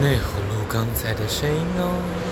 內湖路，剛才的聲音哦。